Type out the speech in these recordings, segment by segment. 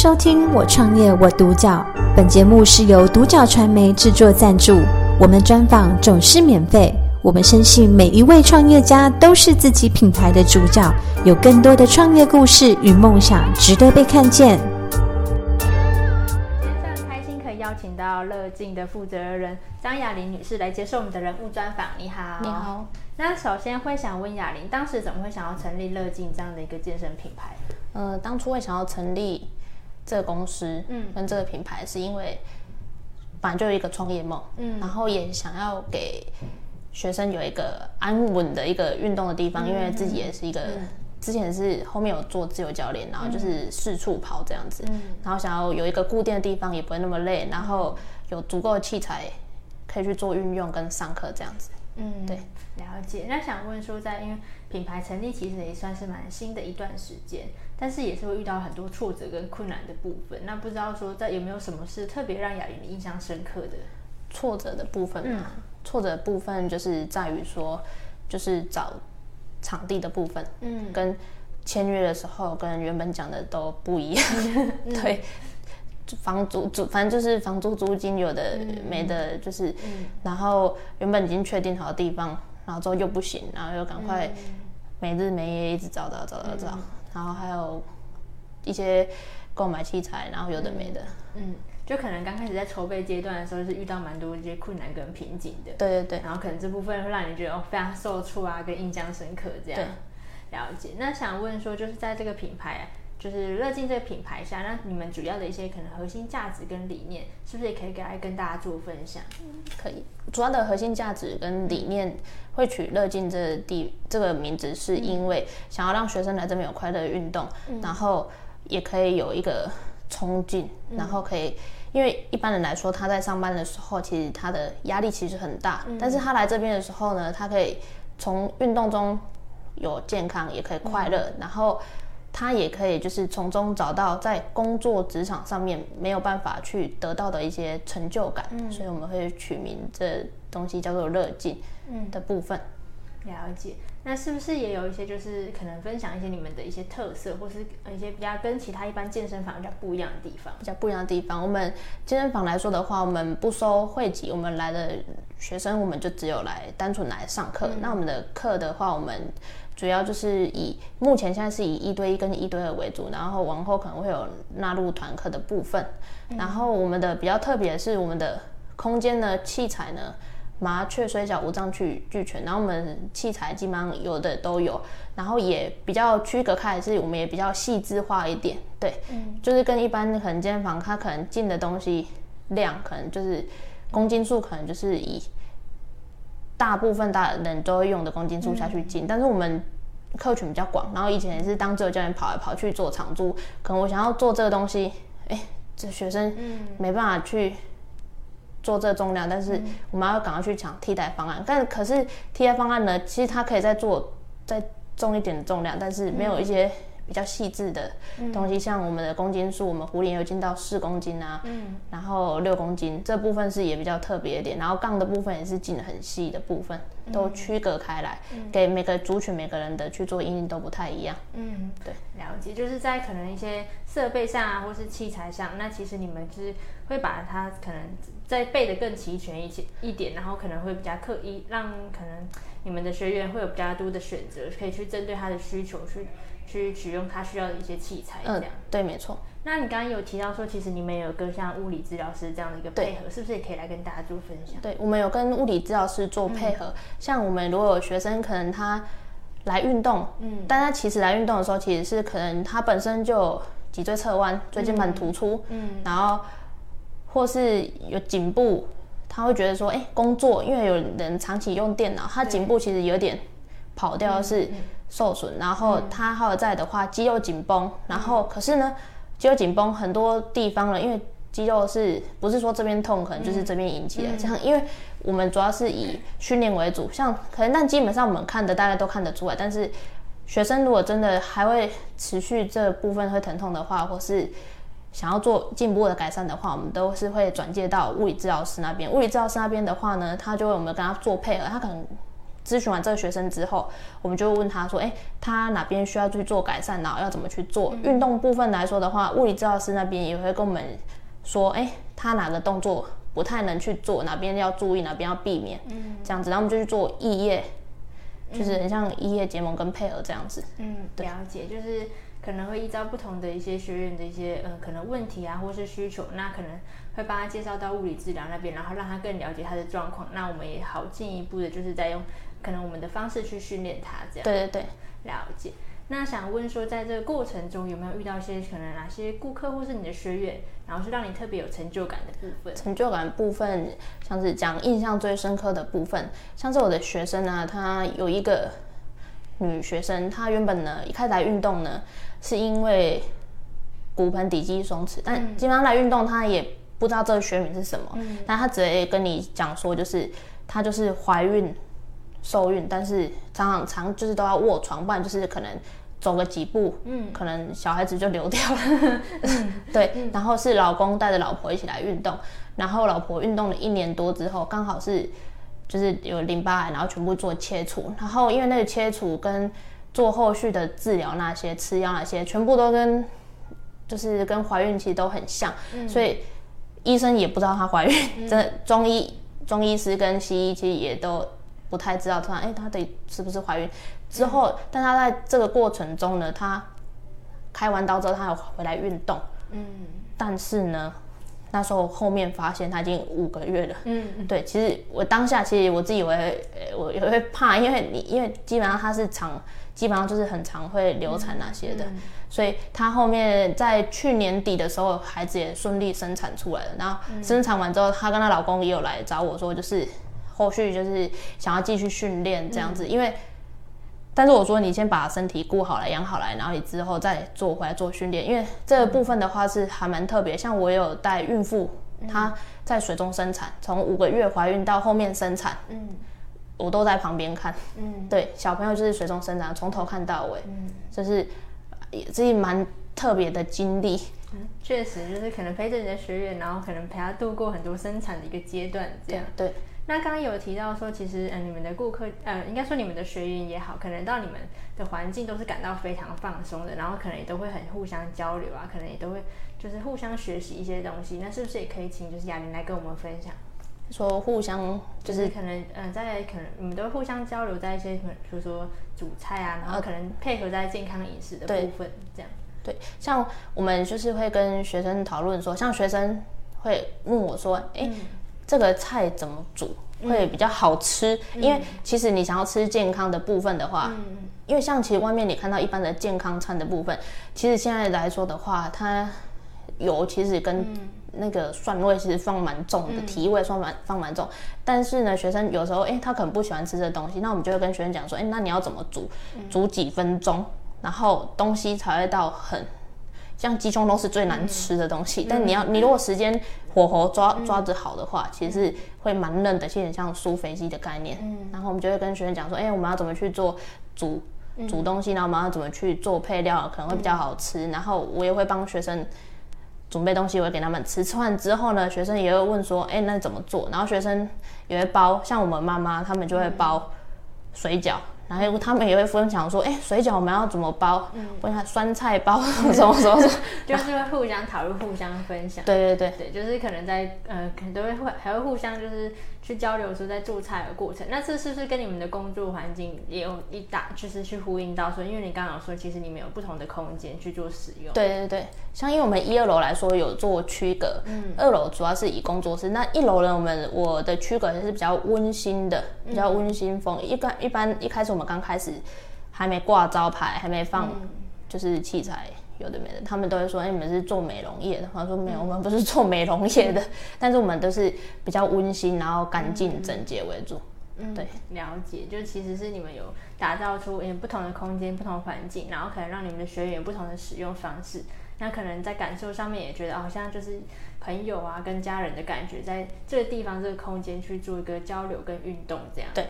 收聽我創業我獨角，本節目是由獨角傳媒製作贊助。我們專訪總是免費，我們深信每一位創業家都是自己品牌的主角，有更多的創業故事與夢想值得被看見。今天非常開心可以邀請到樂勁的負責人張雅玲女士來接受我們的人物專訪。你好，你好。那首先會想問雅玲，當時怎麼會想要成立樂勁這樣的一個健身品牌？呃，當初會想要成立。這個公司，嗯，跟這個品牌是因為，反正就有一個創業夢，嗯，然後也想要給學生有一個安穩的一個運動的地方，嗯，因為自己也是一個，嗯，之前是後面有做自由教練，嗯，然後就是四處跑這樣子，嗯，然後想要有一個固定的地方，也不會那麼累，嗯，然後有足夠的器材可以去做運用跟上課這樣子。嗯，對，了解。那想問說在，在因為品牌成立其實也算是蠻新的一段時間，但是也是會遇到很多挫折跟困難的部分。那不知道說在有沒有什麼事特別讓雅玲印象深刻的挫折的部分嗎、嗯？挫折的部分就是在於說，就是找場地的部分，嗯，跟簽約的時候跟原本講的都不一樣，嗯、 對。房租租反正就是房租租金有的、嗯、沒的，就是、嗯，然後原本已經確定好的地方，然後之後又不行，然後又趕快、嗯、沒日沒夜一直找找找找找、嗯，然後還有一些購買器材，然後有的沒的嗯，嗯，就可能剛開始在籌備階段的時候是遇到蠻多一些困難跟瓶頸的，對對對，然後可能這部分會讓你覺得、哦、非常受挫啊，跟印象深刻這樣，對、了解。那想問說就是在這個品牌、啊。就是樂勁這個品牌下，那你們主要的一些可能核心價值跟理念，是不是也可以給大家來跟大家做分享？可以，主要的核心價值跟理念，嗯、會取樂勁這個地這個名字，是因為想要讓學生來這邊有快樂運動、嗯，然後也可以有一個衝勁、嗯，然後可以，因為一般人來說，他在上班的時候，其實他的壓力其實很大，嗯、但是他來這邊的時候呢，他可以從運動中有健康，也可以快樂、嗯，然後。他也可以就是從中找到在工作職場上面沒有辦法去得到的一些成就感，嗯、所以我們會取名這東西叫做樂勁的部分。嗯了解，那是不是也有一些就是可能分享一些你們的一些特色，或是一些比較跟其他一般健身房比較不一樣的地方？比較不一樣的地方，我們健身房來說的話，我們不收會籍，我們來的學生我們就只有來單純來上課，嗯。那我們的課的話，我們主要就是以目前現在是以一對一跟一對二為主，然後往後可能會有納入團課的部分。然後我們的比較特別的是我們的空間呢，器材呢，麻雀雖小五臟俱俱全，然後我們器材基本上有的都有，然後也比較區隔開，是我們也比較細緻化一點，對，嗯、就是跟一般可能健身房它可能進的東西量，可能就是公斤數，可能就是以大部分大人都會用的公斤數下去進，嗯，但是我們客群比較廣，然後以前也是當自由教練跑來跑去做長租，可能我想要做這個東西，哎，這學生沒辦法去。嗯做這重量，但是我們要趕快去搶替代方案、嗯。但可是替代方案呢，其實它可以再做再重一點的重量，但是沒有一些比較細緻的東西、嗯，像我們的公斤數，我們壺鈴有進到四公斤啊，嗯、然後六公斤這部分是也比較特別一點，然後槓的部分也是進很細的部分，嗯、都區隔開來、嗯，給每個族群每個人的去做引領都不太一樣。嗯，對，了解。就是在可能一些設備上啊，或是器材上，那其實你們、就是。會把它可能再備得更齊全一些一點，然後可能會比較刻意，讓可能你們的學員會有比較多的選擇，可以去針對他的需求去去取用他需要的一些器材這樣，嗯，對，沒錯。那你剛剛有提到說，其實你們有跟像物理治療師這樣的一個配合，是不是也可以來跟大家做分享？對，我們有跟物理治療師做配合，嗯、像我們如果有學生可能他來運動，嗯，但他其實來運動的時候，其實是可能他本身就脊椎側彎、椎間盤突出，嗯，嗯然後。或是有頸部，他會覺得說，哎、欸，工作，因為有人長期用電腦，他頸部其實有點跑掉，是受損。然後他好在的話，肌肉緊繃。然後、嗯、可是呢，肌肉緊繃很多地方了，因為肌肉是不是說這邊痛，可能就是這邊引起的。嗯、像，因為我們主要是以訓練為主、嗯，像可能，但基本上我們看的，大家都看得出來。但是學生如果真的還會持續這部分會疼痛的話，或是。想要做進一步的改善的話，我們都是會轉介到物理治療師那邊。物理治療師那邊的話呢，他就會我們跟他做配合。他可能諮詢完這個學生之後，我們就會問他說：“哎、欸，他哪邊需要去做改善，然後要怎麼去做？”運動部分來說的話，物理治療師那邊也會跟我們說：“哎、欸，他哪個動作不太能去做，哪邊要注意，哪邊要避免，嗯、這樣子。”然後我們就去做異業，就是很像異業結盟跟配合這樣子。嗯，對嗯了解，就是。可能會依照不同的一些學員的一些嗯、呃，可能問題啊，或是需求，那可能會幫他介紹到物理治療那邊，然後讓他更了解他的狀況，那我們也好進一步的就是在用可能我們的方式去訓練他，這樣。對對對，了解。那想問說，在這個過程中有沒有遇到一些可能哪些顧客或是你的學員，然後是讓你特別有成就感的部分？成就感部分，像是講印象最深刻的部分，像是我的學生啊，他有一個。女學生，她原本呢一開始來運動呢，是因為骨盆底肌鬆弛，但經常來運動，她也不知道這個學名是什麼，嗯、但她直接跟你講說，就是她就是懷孕受孕，但是常常常就是都要臥床，不然就是可能走個幾步，嗯，可能小孩子就流掉了，嗯、 對，然後是老公帶着老婆一起來運動，然後老婆運動了一年多之後，剛好是。就是有淋巴癌，然後全部做切除，然後因為那個切除跟做後續的治療那些吃藥那些，全部都跟就是跟懷孕其實都很像，嗯，所以醫生也不知道她懷孕，嗯。真的，中醫中醫師跟西醫其實也都不太知道她哎，她、欸、的是不是懷孕？之後，嗯、但她在這個過程中呢，她開完刀之後，她有回來運動。嗯，但是呢。那時候後面發現她已經五個月了，嗯，對，其實我當下其實我自己以為我也會怕，因為你因為基本上她是常，基本上就是很常會流產那些的，嗯嗯、所以她後面在去年底的時候，孩子也順利生產出來了，然後生產完之後，她、嗯、跟她老公也有來找我說，就是後續就是想要繼續訓練這樣子，嗯、因為。但是我說，你先把身體顧好來養好來，然後你之後再做回來做訓練，因為這個部分的話是還蠻特別。像我也有帶孕婦，她在水中生產，從五個月懷孕到後面生產，嗯，我都在旁邊看，嗯，對，小朋友就是水中生產，從頭看到尾，嗯，就是也自己蠻特別的經歷，嗯，確實就是可能陪着你的學員，然後可能陪她度過很多生產的一個階段，這樣對。對那剛剛有提到說，其實嗯、呃，你們的顧客呃，應該說你們的學員也好，可能到你們的環境都是感到非常放鬆的，然後可能也都會很互相交流啊，可能也都會就是互相學習一些東西。那是不是也可以請就是雅玲來跟我們分享，說互相就是、嗯、可能呃，在可能你們都互相交流在一些，比如說煮菜啊，然後可能配合在健康飲食的部分、嗯、這樣。對，像我們就是會跟學生討論說，像學生會問我說，哎。嗯這個菜怎麼煮會比較好吃、嗯？因為其實你想要吃健康的部分的話、嗯，因為像其實外面你看到一般的健康餐的部分，其實現在來說的話，它油其實跟那個蒜味其實放蠻重的，嗯、提味算蠻放蠻重。但是呢，學生有時候哎、欸，他可能不喜歡吃這東西，那我們就會跟學生講說，哎、欸，那你要怎麼煮，煮幾分鐘，然後東西才會到很。像雞胸都是最難吃的東西，嗯、但你要你如果時間火候抓、嗯、抓得好的話，嗯、其實是會蠻嫩的，有點像舒肥雞的概念、嗯。然後我們就會跟學生講說，哎，我們要怎麼去做煮煮東西，然後我們要怎麼去做配料，可能會比較好吃。嗯、然後我也會幫學生準備東西，我會給他們吃。吃完之後呢，學生也會問說，哎，那怎麼做？然後學生也會包，像我們媽媽他們就會包水餃。嗯，水餃然後他們也會分享說：“哎、欸，水餃我們要怎麼包？問他下酸菜包什麼什麼什麼，嗯、什麼什麼 就是會互相討論、 互相分享。對對對，對就是可能在呃，可能都會會還會互相就是。”去交流說，在做菜的過程，那這是不是跟你們的工作環境也有一搭？就是去呼應到說，因為你剛剛說，其實你們有不同的空間去做使用。對對對，像因為我們一二樓來說有做區隔，嗯，二樓主要是以工作室，那一樓呢，我們我的區隔是比較溫馨的，比較溫馨風。嗯、一般一般一開始我們剛開始還沒掛招牌，還沒放、嗯、就是器材。有的沒的，他們都會說：“哎，你們是做美容業的。”他說：“沒有，我們不是做美容業的，嗯、但是我們都是比較溫馨，然後乾淨、嗯、整潔為主。”嗯，對，了解。就其實是你們有打造出不同的空間、不同環境，然後可能讓你們的學員有不同的使用方式。那可能在感受上面也覺得好、哦、像就是朋友啊，跟家人的感覺，在這個地方、這個空間去做一個交流跟運動這樣。對。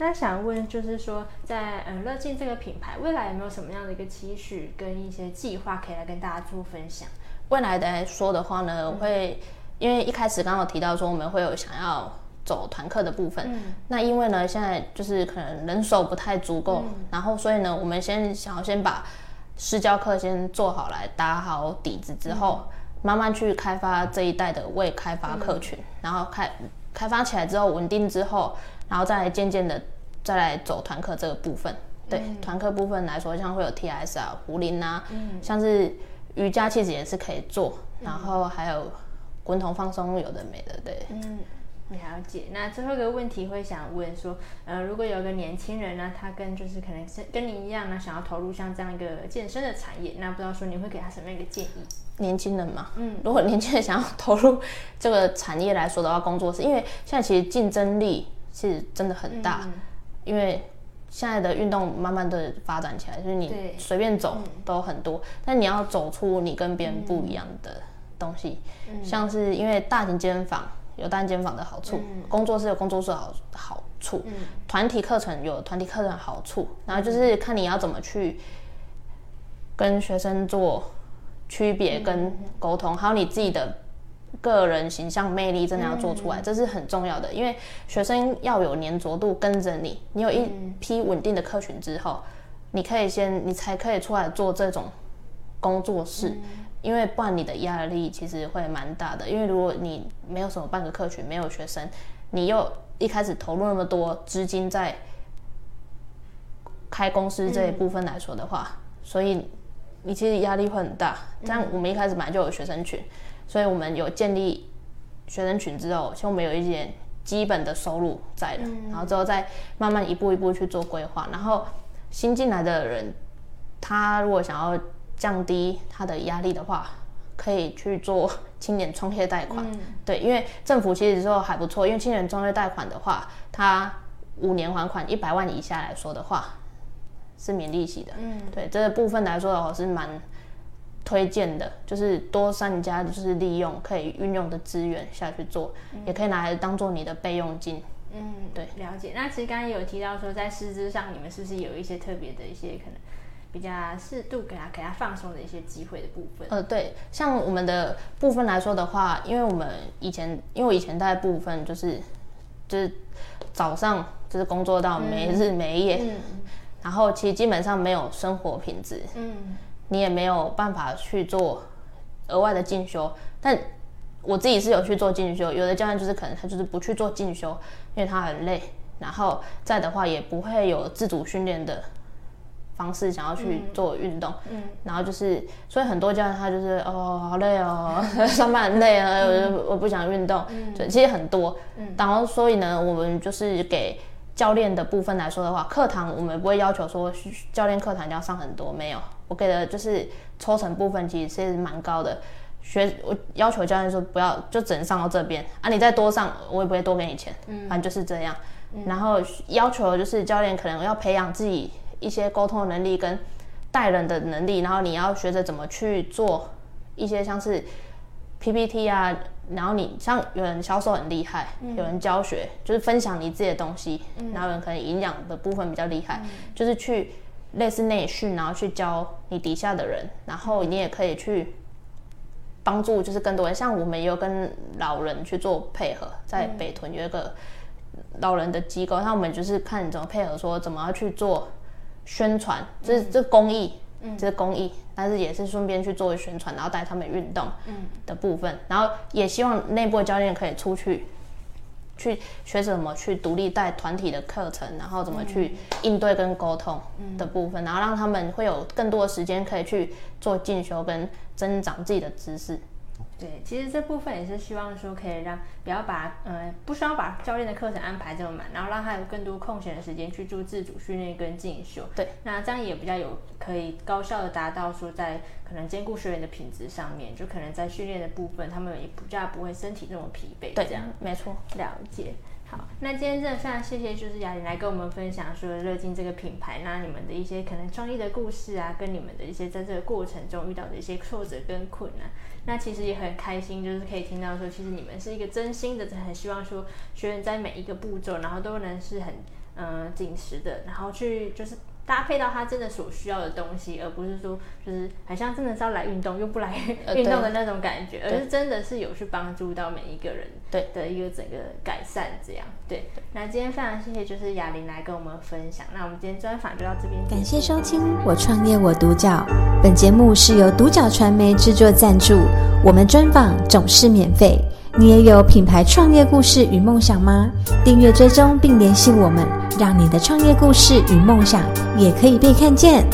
那想問就是說在，在、呃、嗯，樂勁這個品牌未來有沒有什麼樣的一個期許跟一些計劃可以來跟大家做分享？未來來說的話呢，嗯、我會因為一開始剛好提到說我們會有想要走團課的部分，嗯、那因為呢現在就是可能人手不太足夠，嗯、然後所以呢我們先想要先把私教課先做好來打好底子之後、嗯，慢慢去開發這一代的未開發客群、嗯，然後開。開發起來之後穩定之後，然後再來漸漸的再來走團課這個部分。嗯、對團課部分來說，像會有 TS 啊、胡林啊、嗯，像是瑜伽其實也是可以做，嗯、然後還有滾筒放鬆有的沒的，對。嗯了解，那最後一個問題會想問說，呃，如果有個年輕人呢，他跟就是可能是跟您一樣呢，想要投入像這樣一個健身的產業，那不知道說你會給他什麼樣一個建議？年輕人嘛，嗯，如果年輕人想要投入這個產業來說的話，工作室，因為現在其實競爭力是真的很大，嗯，因為現在的運動慢慢的發展起來，所以，嗯，就是，你隨便走都很多，嗯，但你要走出你跟別人不一樣的東西，嗯，像是因為大型健身房。有單間房的好處、嗯，工作室有工作室的好處，團、嗯、體課程有團體課程好處，然後就是看你要怎麼去跟學生做區別跟溝通、嗯嗯嗯，還有你自己的個人形象魅力真的要做出來，嗯嗯、這是很重要的，因為學生要有粘着度跟着你，你有一批穩定的客群之後、嗯，你可以先你才可以出來做這種工作室。嗯嗯因為不然你的壓力其實會蠻大的，因為如果你沒有什麼半個客群，沒有學生，你又一開始投入那麼多資金在開公司這一部分來說的話，嗯、所以你其實壓力會很大。但我們一開始本來就有學生群，嗯、所以我們有建立學生群之後，像我們有一點基本的收入在的、嗯，然後之後再慢慢一步一步去做規劃。然後新進來的人，他如果想要。降低他的壓力的話，可以去做青年創業貸款，嗯，對，因為政府其實做還不錯。因為青年創業貸款的話，它五年還款一百萬以下來說的話，是免利息的。嗯，對，這個部分來說的話，是蠻推薦的，就是多三家就是利用可以運用的資源下去做，嗯，也可以拿來當做你的備用金。嗯，對，了解。那其實剛剛有提到說，在師資上你們是不是有一些特別的一些可能？比較適度給他給他放鬆的一些機會的部分。呃，對，像我們的部分來說的話，因為我們以前，因為我以前帶的部分就是就是早上就是工作到沒日沒夜，嗯嗯、然後其實基本上沒有生活品質，嗯，你也沒有辦法去做額外的進修。但我自己是有去做進修，有的教練就是可能他就是不去做進修，因為他很累，然後再的話也不會有自主訓練的。方式想要去做運動，嗯，嗯，然後就是，所以很多教練他就是哦，好累哦， 上班很累啊，嗯、我我不想運動，嗯，其實很多、嗯，然後所以呢，我們就是給教練的部分來說的話，課堂我們不會要求說教練課堂要上很多，沒有，我給的就是抽成部分，其實是蠻高的，學我要求教練說不要，就只能上到這邊啊，你再多上我也不會多給你錢，嗯、反正就是這樣、嗯，然後要求就是教練可能要培養自己。一些溝通的能力跟待人的能力，然後你要學着怎麼去做一些像是 P P T 啊，然後你像有人銷售很厲害、嗯，有人教學就是分享你自己的東西，嗯、然後有人可能營養的部分比較厲害、嗯，就是去類似內訓，然後去教你底下的人，嗯、然後你也可以去幫助就是更多人，像我們也有跟老人去做配合，在北屯有一個老人的機構，那、嗯、我們就是看你怎麼配合說，說怎麼去做。宣傳、嗯、這是這公益，嗯，這是公益，但是也是順便去做宣傳，然後帶他們運動，嗯的部分、嗯，然後也希望內部的教練可以出去，去學怎麼去獨立帶團體的課程，然後怎麼去應對跟溝通的部分、嗯，然後讓他們會有更多的時間可以去做進修跟增長自己的知識。對，其實這部分也是希望說可以讓不要把呃，不需要把教練的課程安排這麼滿，然後讓他有更多空閒的時間去做自主訓練跟進修。對，那這樣也比較有可以高效的達到說，在可能兼顧學員的品質上面，就可能在訓練的部分，他們也比較不會身體那麼疲憊。對，這樣沒錯，了解。好，那今天真的非常謝謝，就是雅玲來跟我們分享說樂勁這個品牌，那你們的一些可能創意的故事啊，跟你們的一些在這個過程中遇到的一些挫折跟困難。那其實也很開心，就是可以聽到說，其實你們是一個真心的，很希望說學員在每一個步驟，然後都能是很嗯、呃、緊實的，然後去就是。搭配到他真的所需要的東西，而不是說就是好像真的是要來運動又不來運動的那種感覺，而是真的是有去幫助到每一個人對的一個整個改善這樣對對。對，那今天非常謝謝就是雅玲來跟我們分享。那，謝謝我分享，那我們今天專訪就到這邊，感謝收聽。我創業我獨角，本節目是由獨角傳媒製作贊助。我們專訪總是免費，你也有品牌創業故事與夢想嗎？訂閱追蹤並聯繫我們，讓你的創業故事與夢想，也可以被看見。